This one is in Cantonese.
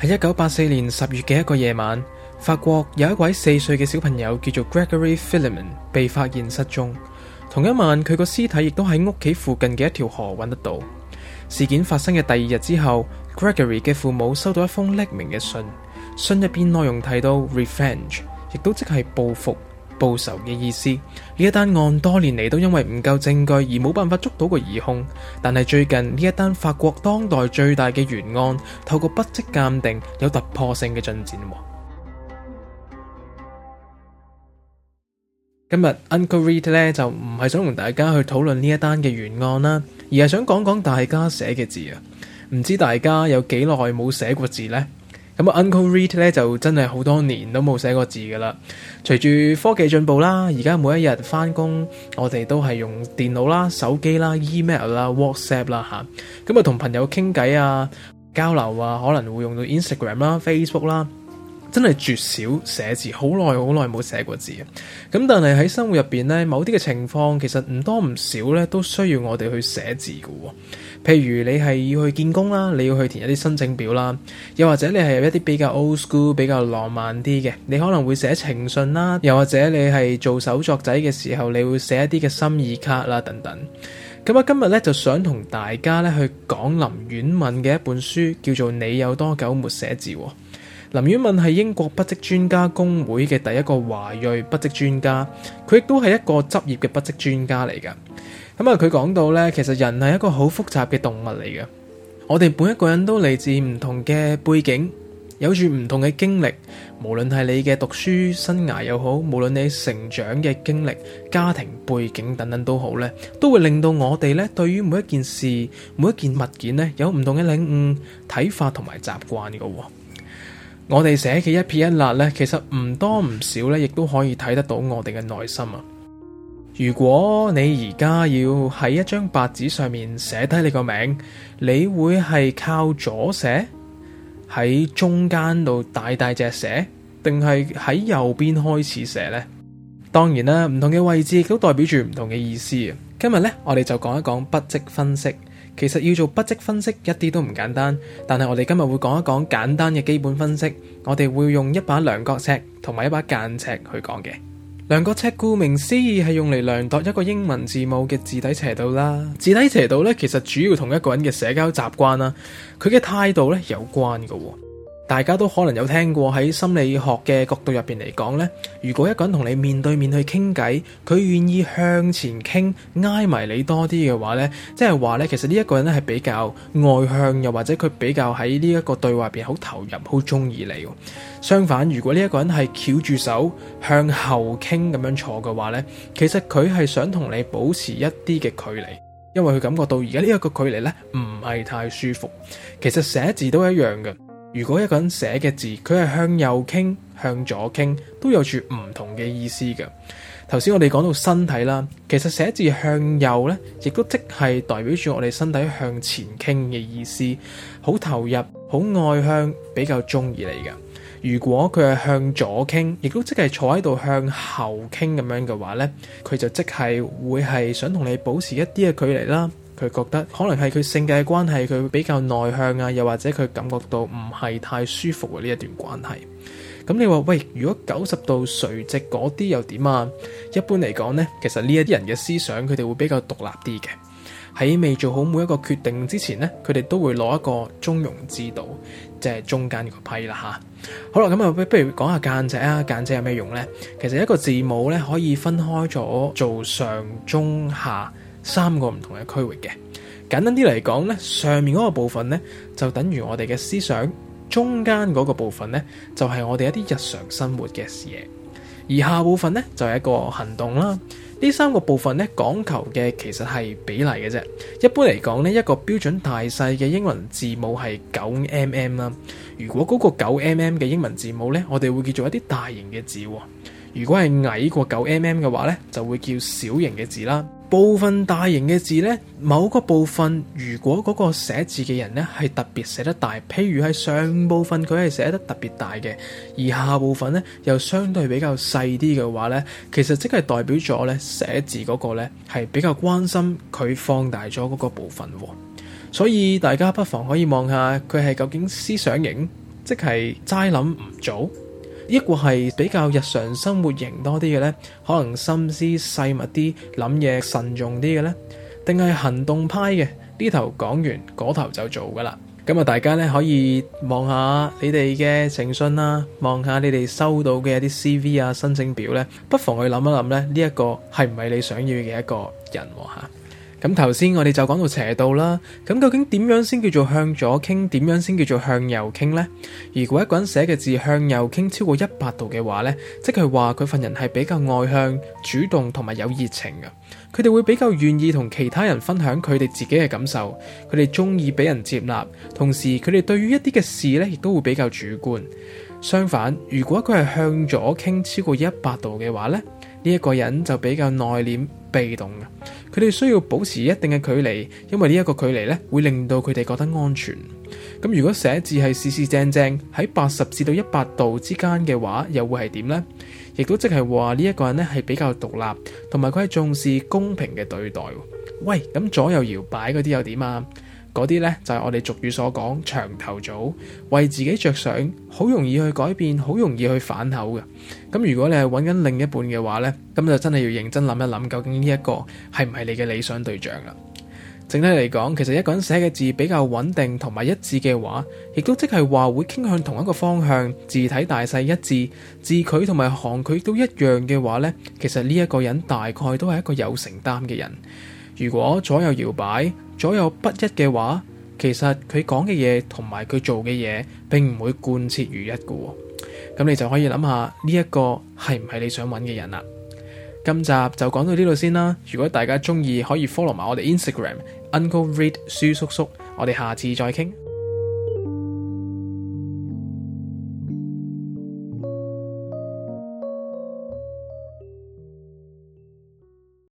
喺一九八四年十月嘅一個夜晚，法國有一位四歲嘅小朋友叫做 Gregory Filiman 被發現失蹤。同一晚，佢個屍體亦都喺屋企附近嘅一條河揾得到。事件發生嘅第二日之後，Gregory 嘅父母收到一封匿名嘅信，信入邊內容提到 revenge，亦都即係報復。報仇嘅意思，呢一單案多年嚟都因為唔夠證據而冇辦法捉到個疑凶。但係最近呢一單法國當代最大嘅懸案透過筆跡鑑定有突破性嘅進展。今日 Uncle Read 咧就唔係想同大家去討論呢一單嘅懸案啦，而係想講講大家寫嘅字啊，唔知大家有幾耐冇寫過字呢？咁啊，Uncle Read 咧就真係好多年都冇寫過字噶啦。隨住科技進步啦，而家每一日翻工，我哋都係用電腦啦、手機啦、email 啦、WhatsApp 啦嚇。咁啊，同朋友傾偈啊、交流啊，可能會用到 Instagram 啦、Facebook 啦。真係絕少寫字，好耐好耐冇寫過字嘅。咁但係喺生活入邊呢，某啲嘅情況其實唔多唔少咧，都需要我哋去寫字嘅。譬如你係要去見工啦，你要去填一啲申請表啦，又或者你係有一啲比較 old school，比較浪漫啲嘅，你可能會寫情信啦，又或者你係做手作仔嘅時候，你會寫一啲嘅心意卡啦等等。咁啊，今日咧就想同大家咧去講林婉雯嘅一本書，叫做《你有多久沒寫字》。林婉文係英國筆迹專家工會嘅第一個華裔筆迹專家，佢亦都係一個執業嘅筆迹專家嚟噶。咁啊，佢講到咧，其實人係一個好複雜嘅動物嚟嘅。我哋每一個人都嚟自唔同嘅背景，有住唔同嘅經歷。無論係你嘅讀書生涯又好，無論你成長嘅經歷、家庭背景等等都好咧，都會令到我哋咧對於每一件事、每一件物件咧有唔同嘅領悟、睇法同埋習慣嘅。我哋寫嘅一撇一捺咧，其實唔多唔少咧，亦都可以睇得到我哋嘅內心啊！如果你而家要喺一張白紙上面寫低你個名，你會係靠左寫，喺中間度大大隻寫，定係喺右邊開始寫呢？當然啦，唔同嘅位置都代表住唔同嘅意思啊！今日咧，我哋就講一講筆跡分析。其實要做筆跡分析一啲都唔簡單，但係我哋今日會講一講簡單嘅基本分析。我哋會用一把量角尺同埋一把間尺去講嘅。量角尺顧名思義係用嚟量度一個英文字母嘅字底斜度啦。字底斜度呢，其實主要同一個人嘅社交習慣啦，佢嘅態度呢有關嘅啊。大家都可能有聽過喺心理學嘅角度入邊嚟講呢，如果一個人同你面對面去傾偈，佢願意向前傾挨埋你多啲嘅話呢，即係話呢，其實呢一個人呢係比較外向，又或者佢比較喺呢一個對話入邊好投入、好中意你。相反，如果呢一個人係翹住手向後傾咁樣坐嘅話呢，其實佢係想同你保持一啲嘅距離，因為佢感覺到而家呢一個距離呢唔係太舒服。其實寫字都一樣嘅。如果一個人寫嘅字，佢係向右傾、向左傾，都有住唔同嘅意思嘅。頭先我哋講到身體啦，其實寫字向右咧，亦都即係代表住我哋身體向前傾嘅意思，好投入、好外向、比較中意你嘅。如果佢係向左傾，亦都即係坐喺度向後傾咁樣嘅話咧，佢就即係會係想同你保持一啲嘅距離啦。佢覺得可能係佢性格嘅關係，佢會比較內向啊，又或者佢感覺到唔係太舒服嘅呢一段關係。咁你話喂，如果九十度垂直嗰啲又點啊？一般嚟講呢，其實呢一啲人嘅思想，佢哋會比較獨立啲嘅。喺未做好每一個決定之前呢，佢哋都會攞一個中庸之道，即係中間個批啦嚇。好啦，咁啊，不如講下間尺啊，間尺有咩用呢？其實一個字母咧可以分開咗做上、中、下。三個唔同嘅區域嘅，簡單啲嚟講呢，上面嗰個部分呢，就等於我哋嘅思想，中間嗰個部分呢，就係我哋一啲日常生活嘅事嘢，而下部分呢，就係一個行動啦。呢三個部分呢，講求嘅其實係比例嘅啫。一般嚟講呢，一個標準大細嘅英文字母係九 mm 啦。如果嗰個九 mm 嘅英文字母呢，我哋會叫做一啲大型嘅字喎；如果係矮過九 mm 嘅話呢，就會叫小型嘅字啦。部分大型嘅字呢，某個部分如果嗰個寫字嘅人呢係特別寫得大，譬如係上部分佢係寫得特別大嘅，而下部分呢又相對比較細啲嘅話呢，其實即係代表咗呢，寫字嗰個呢係比較關心佢放大咗嗰個部分喎。所以大家不妨可以望下佢係究竟思想型，即係齋諗唔做。一個係比較日常生活型多啲嘅咧，可能心思細密啲，諗嘢慎重啲嘅咧，定係行動派嘅，呢頭講完嗰頭就做噶啦。咁、嗯、啊，大家咧可以望下你哋嘅情信啦，望下你哋收到嘅一啲 CV 啊、申請表咧，不妨去諗一諗咧，呢、這、一個係唔係你想要嘅一個人吓？看看咁頭先我哋就講到斜度啦，咁究竟點樣先叫做向左傾？點樣先叫做向右傾呢？如果一個人寫嘅字向右傾超過一百度嘅話呢，即係話佢份人係比較外向、主動同埋有熱情嘅，佢哋會比較願意同其他人分享佢哋自己嘅感受，佢哋中意俾人接納，同時佢哋對於一啲嘅事呢亦都會比較主觀。相反，如果佢係向左傾超過一百度嘅話咧，呢一個人就比較內斂。被動嘅，佢哋需要保持一定嘅距離，因為呢一個距離咧，會令到佢哋覺得安全。咁如果寫字係四四正正喺八十至到一百度之間嘅話，又會係點呢？亦都即係話呢一個人咧係比較獨立，同埋佢係重視公平嘅對待。喂，咁左右搖擺嗰啲又點啊？嗰啲呢，就係我哋俗語所講長頭組，為自己着想，好容易去改變，好容易去反口嘅。咁如果你係揾緊另一半嘅話呢，咁就真係要認真諗一諗，究竟呢一個係唔係你嘅理想對象啦。整體嚟講，其實一個人寫嘅字比較穩定同埋一致嘅話，亦都即係話會傾向同一個方向，字體大細一致，字距同埋行距都一樣嘅話呢，其實呢一個人大概都係一個有承擔嘅人。如果左右搖擺，左右不一嘅話，其實佢講嘅嘢，同埋佢做嘅嘢，並唔會貫徹如一嘅。咁你就可以諗下呢一個係唔係你想揾嘅人啦。今集就講到呢度先啦。如果大家鍾意，可以 follow 埋我哋 Instagram Uncle Read 書叔叔。我哋下次再傾。